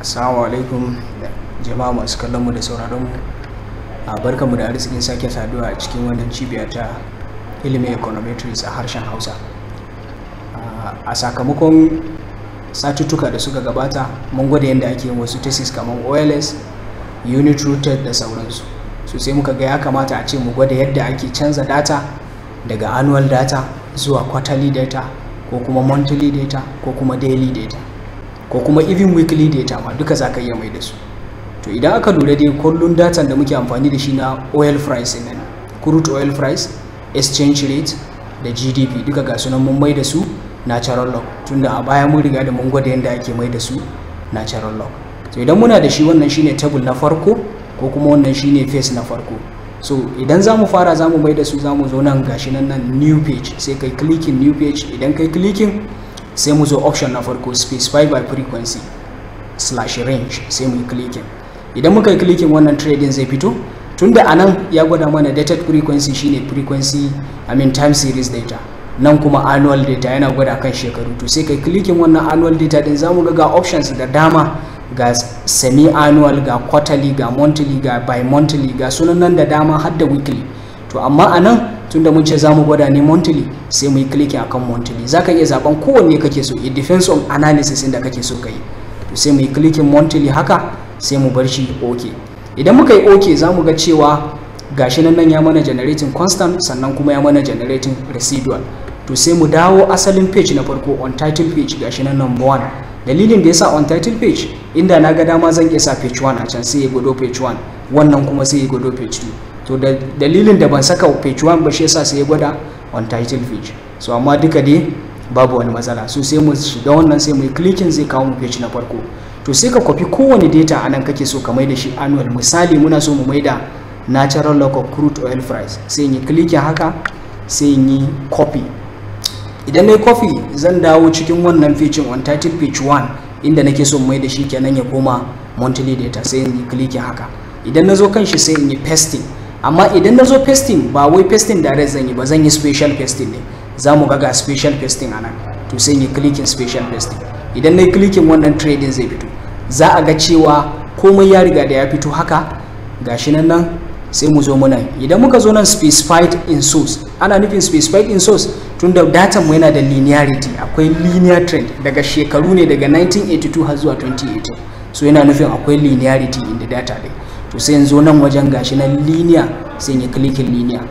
Assalamu alaikum jama'a masu kallon mu da sauraron mu. A barkan mu da arzikin sake saduwa a cikin wannan cibiya ta ilimin econometrics a harshen Hausa. A sakamakon satuttuka da suka gabata mun gwada yadda ake yin wasu Tesis kamar OLS, unit rooted da sauransu. So sai muka ga ya kamata a ce mu gwada yadda ake canza data daga annual data zuwa quarterly data ko kuma monthly data ko kuma daily data. ko kuma even weekly data ma duka za ka iya mai da su to idan aka lura dai kullun datan da muke amfani da shi na oil price nan crude oil price exchange rate da gdp duka ga sunan mun mai da su natural log tunda a baya mun riga da mun gwada yadda ake mai da su natural log to idan muna da shi wannan shine table na farko ko kuma wannan shine face na farko so idan zamu fara zamu mai da su zamu zo nan gashi nan nan new page sai kai clicking new page idan kai clicking sai mu zo option na farko specify by frequency slash range sai mu clicking idan muka yi clicking wannan trading zai fito tunda a nan ya gwada mana dated frequency shine frequency i mean time series data nan kuma annual data yana gwada kan shekaru to sai kai clicking wannan annual data din zamu ga ga options da dama ga semi annual ga quarterly ga monthly ga bi monthly ga sunan nan da dama har da weekly to amma a nan tunda mun ce za mu gwada ne monthly sai mu yi clicking akan monthly za ka iya zaben kowanne kake so it defense on analysis inda kake so ka yi to sai mu yi clicking monthly haka sai mu bar shi ok idan muka yi ok za mu ga cewa gashi nan nan ya mana generating constant sannan kuma ya mana generating residual to sai mu dawo asalin page na farko on title page gashi nan number one dalilin da yasa on title page inda na ga dama zan iya sa page 1 a can sai ya gwado page 1 wannan kuma sai ya gwado page 2 to da dalilin da ban saka page 1 ba shi yasa sai ya gwada on title page so amma duka dai babu wani matsala so sai mu shiga wannan sai mu yi clicking zai kawo mu page na farko to sai ka kwafi kowane data anan kake so ka maida shi annual misali muna so mu maida natural of crude oil price sai ni yi haka sai ni copy idan na copy zan dawo cikin wannan page on title page 1 inda nake so mai da shi kenan ya koma monthly data sai ni click haka idan na zo kan shi sai in yi pasting amma idan na zo pasting ba wai pasting da zan yi ba zan yi special pasting ne za mu ga special pasting anan to sai yi clicking special pasting idan na yi clicking wannan trading zai fito za a ga cewa komai ya riga da ya fito haka gashi nan nan sai mu zo mu muna idan muka zo nan specified in source ana nufin specified in source tunda datan mu yana da linearity akwai linear trend daga shekaru ne daga 1982 har zuwa 2018 so yana nufin akwai linearity in the data dai to sai yanzu nan wajen gashi na linear sai yi clicking linear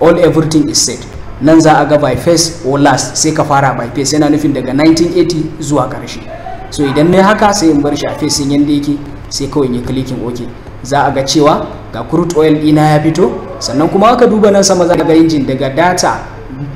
all everything is set nan za a ga by face or last sai ka fara by face yana nufin daga 1980 zuwa karshe so idan na haka sai in bar shi a face din yanda yake sai kawai yi clicking ok za a ga cewa ga crude oil ina ya fito sannan kuma aka duba nan sama za ga injin daga data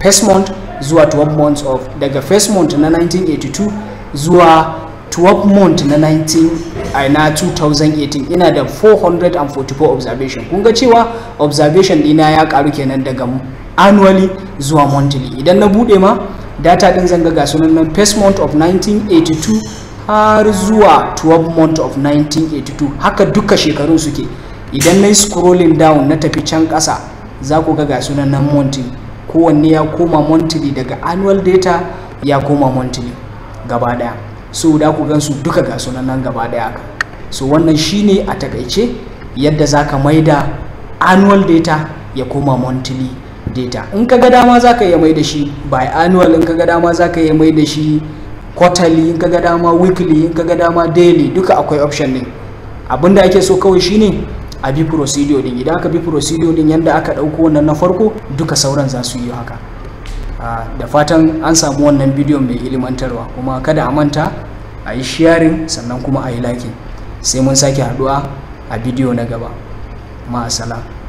first month zuwa 12 months of daga first month na 1982 zuwa 12 month na 19 a na 2018 ina da 444 observation kun ga cewa observation dina ya karu kenan daga annually zuwa monthly idan na bude ma data din zan ga sunan nan first month of 1982 har zuwa 12 month of 1982 haka duka shekarun suke idan na scrolling down na tafi can kasa za ku ga sunan nan monthly kowanne ya koma monthly daga annual data ya koma monthly gaba daya so da ku gan su duka ga sunan nan gaba daya so wannan shine a takaice yadda zaka ka maida annual data ya koma monthly data in ka ga dama za ka iya mai da shi by annual in ka ga dama za ka iya mai da shi quarterly in ka ga dama weekly in ka ga dama daily duka akwai option din abin da ake so kawai shine a bi procedure din idan aka bi procedure din yanda aka dauko wannan na farko duka sauran za su yi haka Ah, da fatan an samu wannan bidiyon mai ilimantarwa kuma kada a manta a yi sharing sannan kuma a yi like sai mun sake haduwa a bidiyo na gaba ma'asala